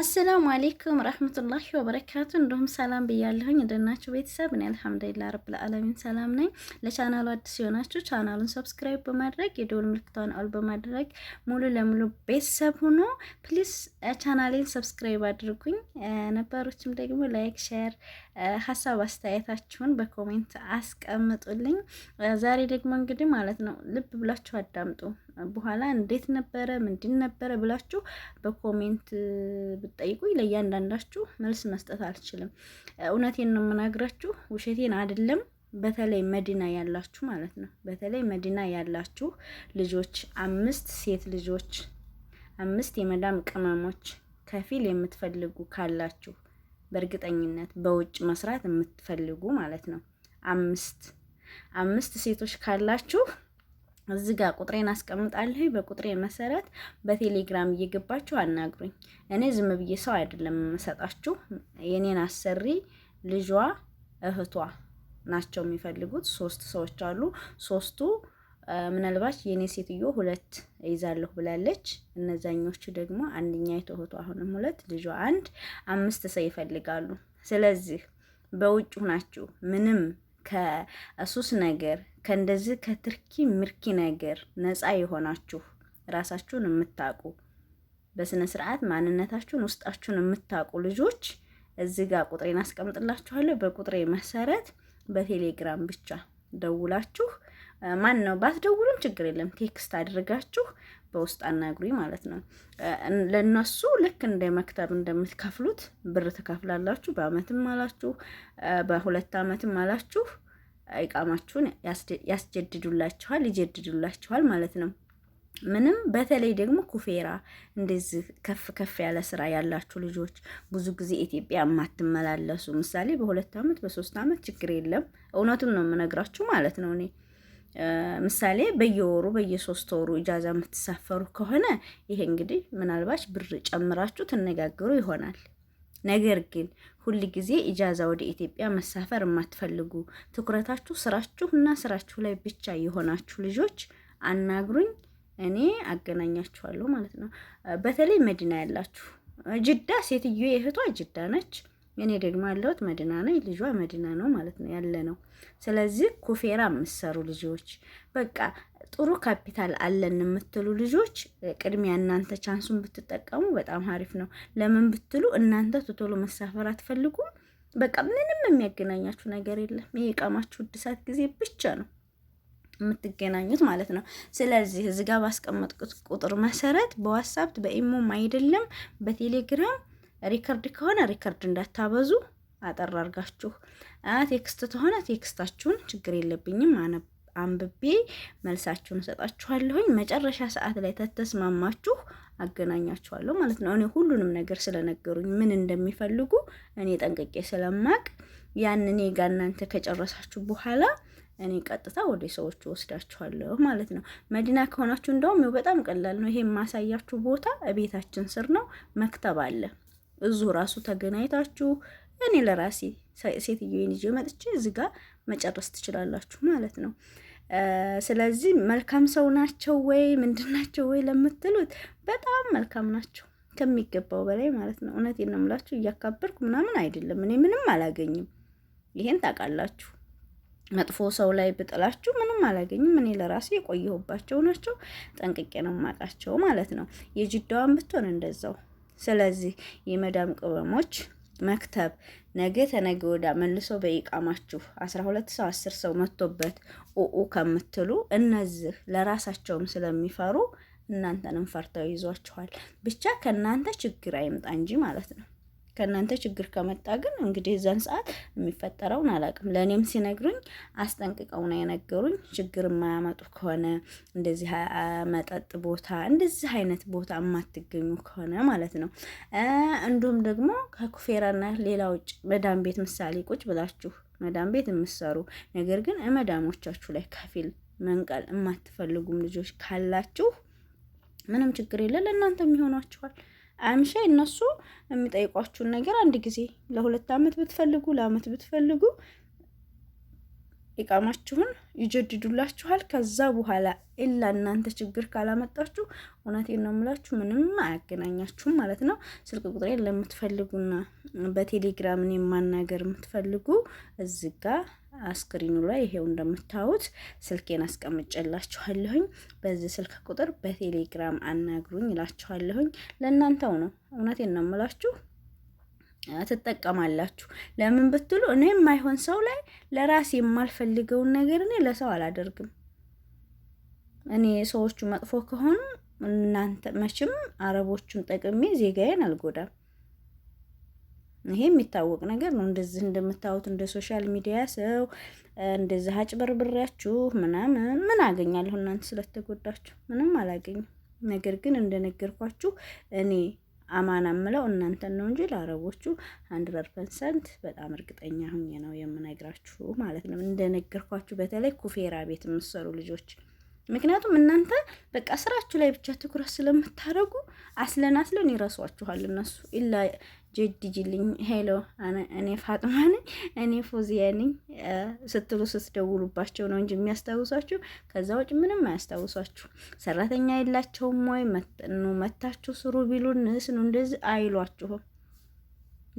አሰላሙ አሌይኩም ረህመቱላሂ ወበረካቱ። እንዲሁም ሰላም ብያለሁኝ። እንደናችሁ ቤተሰብ እኔ አልሐምዱሊላህ ረብል ዓለሚን ሰላም ነኝ። ለቻናሉ አዲስ የሆናችሁ ቻናሉን ሰብስክራይብ በማድረግ የደወል ምልክቷን አውል በማድረግ ሙሉ ለሙሉ ቤተሰብ ሆኖ ፕሊስ ቻናሌን ሰብስክራይብ አድርጉኝ። ነባሮችም ደግሞ ላይክ፣ ሼር፣ ሀሳብ አስተያየታችሁን በኮሜንት አስቀምጡልኝ። ዛሬ ደግሞ እንግዲህ ማለት ነው ልብ ብላችሁ አዳምጡ። በኋላ እንዴት ነበረ ምንድን ነበረ ብላችሁ በኮሜንት ብትጠይቁኝ ለእያንዳንዳችሁ መልስ መስጠት አልችልም። እውነቴን ነው የምናግራችሁ፣ ውሸቴን አይደለም። በተለይ መዲና ያላችሁ ማለት ነው። በተለይ መዲና ያላችሁ ልጆች አምስት ሴት ልጆች አምስት የመዳም ቅመሞች ከፊል የምትፈልጉ ካላችሁ በእርግጠኝነት በውጭ መስራት የምትፈልጉ ማለት ነው። አምስት አምስት ሴቶች ካላችሁ እዚህ ጋር ቁጥሬን አስቀምጣለሁ። በቁጥሬ መሰረት በቴሌግራም እየገባችሁ አናግሩኝ። እኔ ዝም ብዬ ሰው አይደለም የምሰጣችሁ። የኔን አሰሪ ልጇ፣ እህቷ ናቸው የሚፈልጉት። ሶስት ሰዎች አሉ። ሶስቱ ምናልባት የኔ ሴትዮ ሁለት ይዛለሁ ብላለች። እነዛኞቹ ደግሞ አንደኛ የተሆቱ አሁንም ሁለት ልጇ፣ አንድ አምስት ሰው ይፈልጋሉ። ስለዚህ በውጭ ሁናችሁ ምንም ከሱስ ነገር ከእንደዚህ ከትርኪ ምርኪ ነገር ነፃ የሆናችሁ ራሳችሁን የምታውቁ በስነ ስርዓት ማንነታችሁን ውስጣችሁን የምታውቁ ልጆች እዚህ ጋር ቁጥሬን አስቀምጥላችኋለሁ። በቁጥሬ መሰረት በቴሌግራም ብቻ ደውላችሁ ማን ነው ባትደውሉም ችግር የለም ቴክስት አድርጋችሁ በውስጥ እግሪ ማለት ነው። ለእነሱ ልክ እንደ መክተብ እንደምትከፍሉት ብር ትከፍላላችሁ። በአመትም አላችሁ በሁለት አመትም አላችሁ እቃማችሁን ያስጀድዱላችኋል፣ ይጀድዱላችኋል ማለት ነው። ምንም በተለይ ደግሞ ኩፌራ እንደዚህ ከፍ ከፍ ያለ ስራ ያላችሁ ልጆች ብዙ ጊዜ ኢትዮጵያ የማትመላለሱ ምሳሌ በሁለት አመት በሶስት አመት ችግር የለም። እውነቱን ነው የምነግራችሁ ማለት ነው እኔ ምሳሌ በየወሩ በየሶስት ወሩ እጃዛ የምትሳፈሩ ከሆነ ይሄ እንግዲህ ምናልባች ብር ጨምራችሁ ትነጋገሩ ይሆናል። ነገር ግን ሁል ጊዜ ኢጃዛ ወደ ኢትዮጵያ መሳፈር የማትፈልጉ ትኩረታችሁ ስራችሁ እና ስራችሁ ላይ ብቻ የሆናችሁ ልጆች አናግሩኝ፣ እኔ አገናኛችኋለሁ ማለት ነው። በተለይ መዲና ያላችሁ ጅዳ፣ ሴትዮ የእህቷ ጅዳ ነች። እኔ ደግሞ ያለሁት መዲና ነኝ፣ ልጇ መድና ነው ማለት ነው ያለ ነው። ስለዚህ ኩፌራ የምትሰሩ ልጆች በቃ ጥሩ ካፒታል አለን የምትሉ ልጆች ቅድሚያ እናንተ ቻንሱን ብትጠቀሙ በጣም አሪፍ ነው። ለምን ብትሉ እናንተ ትቶሎ መሳፈር አትፈልጉም። በቃ ምንም የሚያገናኛችሁ ነገር የለም። ይሄ የቀማችሁ እድሳት ጊዜ ብቻ ነው የምትገናኙት ማለት ነው። ስለዚህ እዚህ ጋር ባስቀመጥኩት ቁጥር መሰረት በዋትሳፕ በኢሞም አይደለም በቴሌግራም ሪከርድ ከሆነ ሪከርድ እንዳታበዙ አጠር አርጋችሁ፣ ቴክስት ከሆነ ቴክስታችሁን ችግር የለብኝም አንብቤ መልሳችሁን እሰጣችኋለሁኝ። መጨረሻ ሰዓት ላይ ተተስማማችሁ አገናኛችኋለሁ ማለት ነው። እኔ ሁሉንም ነገር ስለነገሩኝ ምን እንደሚፈልጉ እኔ ጠንቅቄ ስለማቅ ያን እኔ ጋር እናንተ ከጨረሳችሁ በኋላ እኔ ቀጥታ ወደ ሰዎቹ ወስዳችኋለሁ ማለት ነው። መዲና ከሆናችሁ እንደውም በጣም ቀላል ነው። ይሄ የማሳያችሁ ቦታ እቤታችን ስር ነው። መክተብ አለ። እዙ ራሱ ተገናኝታችሁ እኔ ለራሴ ሴትዮዬን ይዤ መጥቼ እዚህ ጋር መጨረስ ትችላላችሁ ማለት ነው። ስለዚህ መልካም ሰው ናቸው ወይ ምንድን ናቸው ወይ ለምትሉት በጣም መልካም ናቸው ከሚገባው በላይ ማለት ነው። እውነት ነው የምላችሁ። እያካበርኩ ምናምን አይደለም። እኔ ምንም አላገኝም። ይሄን ታውቃላችሁ። መጥፎ ሰው ላይ ብጥላችሁ ምንም አላገኝም። እኔ ለራሴ የቆየሁባቸው ናቸው። ጠንቅቄ ነው የማውቃቸው ማለት ነው። የጅዳዋን ብትሆን እንደዛው ስለዚህ የመዳም ቅመሞች መክተብ ነገ ተነገ ወዳ መልሶ በይቃማችሁ አስራ ሁለት ሰው አስር ሰው መጥቶበት ኡኡ ከምትሉ እነዚህ ለራሳቸውም ስለሚፈሩ እናንተንም ፈርተው ይዟችኋል። ብቻ ከእናንተ ችግር አይምጣ እንጂ ማለት ነው። ከእናንተ ችግር ከመጣ ግን እንግዲህ እዛን ሰዓት የሚፈጠረውን አላውቅም። ለእኔም ሲነግሩኝ አስጠንቅቀው ነው የነገሩኝ። ችግር የማያመጡ ከሆነ እንደዚህ መጠጥ ቦታ እንደዚህ አይነት ቦታ የማትገኙ ከሆነ ማለት ነው። እንዲሁም ደግሞ ከኩፌራና ሌላ ውጭ መዳም ቤት ምሳሌ ቁጭ ብላችሁ መዳም ቤት የምሰሩ ነገር ግን መዳሞቻችሁ ላይ ከፊል መንቀል የማትፈልጉም ልጆች ካላችሁ ምንም ችግር የለም፣ ለእናንተ የሚሆኗችኋል። አምሻ እነሱ የሚጠይቋችሁን ነገር አንድ ጊዜ ለሁለት አመት ብትፈልጉ ለአመት ብትፈልጉ ኢቃማችሁን ይጀድዱላችኋል። ከዛ በኋላ ኢላ እናንተ ችግር ካላመጣችሁ እውነቴን ነው የምላችሁ፣ ምንም አያገናኛችሁም ማለት ነው። ስልክ ቁጥሬን ለምትፈልጉና በቴሌግራምን የማናገር የምትፈልጉ እዚህ ጋ አስክሪኑ ላይ ይሄው እንደምታዩት ስልኬን አስቀምጨላችኋለሁኝ። በዚህ ስልክ ቁጥር በቴሌግራም አናግሩኝ እላችኋለሁኝ። ለእናንተው ነው፣ እውነቴን ነው የምላችሁ ትጠቀማላችሁ። ለምን ብትሉ እኔ የማይሆን ሰው ላይ ለራሴ የማልፈልገውን ነገር እኔ ለሰው አላደርግም። እኔ ሰዎቹ መጥፎ ከሆኑ እናንተ መቼም አረቦቹን ጠቅሜ ዜጋዬን አልጎዳም። ይሄ የሚታወቅ ነገር ነው። እንደዚህ እንደምታዩት እንደ ሶሻል ሚዲያ ሰው እንደዚህ አጭበርብሬያችሁ ምናምን ምን አገኛለሁ? እናንተ ስለተጎዳችሁ ምንም አላገኝም። ነገር ግን እንደነገርኳችሁ እኔ አማና ምለው እናንተን ነው እንጂ ለአረቦቹ ሀንድረድ ፐርሰንት በጣም እርግጠኛ ሁኜ ነው የምነግራችሁ ማለት ነው። እንደነገርኳችሁ በተለይ ኩፌራ ቤት የምትሰሩ ልጆች ምክንያቱም እናንተ በቃ ስራችሁ ላይ ብቻ ትኩረት ስለምታደርጉ አስለን አስለን ይረሷችኋል እነሱ ጀድጅልኝ ሄሎ፣ እኔ ፋጥማ ነኝ፣ እኔ ፎዚያ ነኝ ስትሉ ስትደውሉባቸው ነው እንጂ የሚያስታውሷችሁ። ከዛ ውጭ ምንም አያስታውሷችሁ። ሰራተኛ የላቸውም ወይ መጥኑ መታችሁ ስሩ ቢሉን ነው እንደዚህ አይሏችሁም።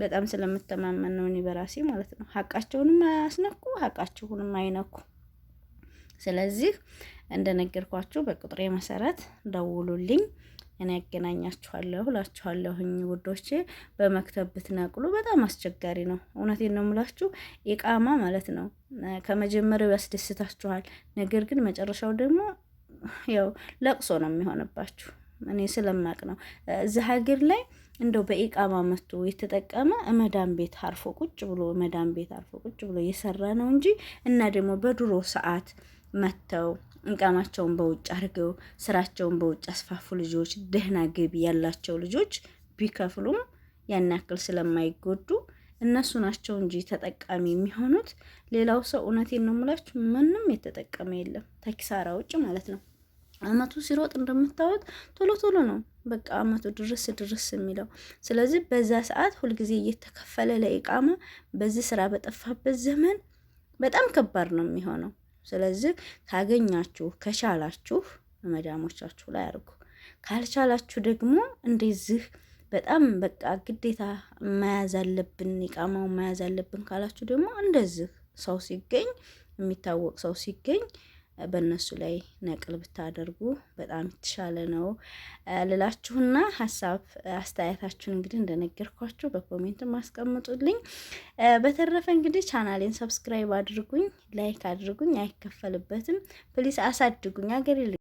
በጣም ስለምተማመን ነው እኔ በራሴ ማለት ነው። ሀቃቸውንም አያስነኩ፣ ሀቃችሁንም አይነኩ። ስለዚህ እንደነገርኳችሁ በቁጥሬ መሰረት ደውሉልኝ። እኔ ያገናኛችኋለሁ እላችኋለሁኝ ውዶቼ። በመክተብ ብትነቅሉ በጣም አስቸጋሪ ነው። እውነቴን ነው የምላችሁ። ኢቃማ ማለት ነው ከመጀመሪያው ያስደስታችኋል፣ ነገር ግን መጨረሻው ደግሞ ያው ለቅሶ ነው የሚሆንባችሁ። እኔ ስለማቅ ነው እዚህ ሀገር ላይ እንደው በኢቃማ መቶ የተጠቀመ እመዳን ቤት አርፎ ቁጭ ብሎ እመዳን ቤት አርፎ ቁጭ ብሎ እየሰራ ነው እንጂ እና ደግሞ በድሮ ሰዓት መተው እንቃማቸውን በውጭ አድርገው ስራቸውን በውጭ አስፋፉ ልጆች፣ ደህና ገቢ ያላቸው ልጆች ቢከፍሉም ያን ያክል ስለማይጎዱ እነሱ ናቸው እንጂ ተጠቃሚ የሚሆኑት። ሌላው ሰው እውነቴን ነው የምላችሁ ምንም የተጠቀመ የለም ተኪሳራ ውጭ ማለት ነው። አመቱ ሲሮጥ እንደምታዩት ቶሎ ቶሎ ነው በቃ አመቱ ድርስ ድርስ የሚለው። ስለዚህ በዛ ሰዓት ሁልጊዜ እየተከፈለ ለኢቃማ በዚህ ስራ በጠፋበት ዘመን በጣም ከባድ ነው የሚሆነው። ስለዚህ ካገኛችሁ ከቻላችሁ መዳሞቻችሁ ላይ አድርጉ። ካልቻላችሁ ደግሞ እንደዚህ በጣም በቃ ግዴታ መያዝ አለብን ኢቃማው መያዝ አለብን ካላችሁ ደግሞ እንደዚህ ሰው ሲገኝ የሚታወቅ ሰው ሲገኝ በእነሱ ላይ ነቅል ብታደርጉ በጣም የተሻለ ነው ልላችሁና ሀሳብ አስተያየታችሁን እንግዲህ እንደነገርኳችሁ በኮሜንት ማስቀምጡልኝ። በተረፈ እንግዲህ ቻናሌን ሰብስክራይብ አድርጉኝ፣ ላይክ አድርጉኝ፣ አይከፈልበትም። ፕሊስ አሳድጉኝ አገሬ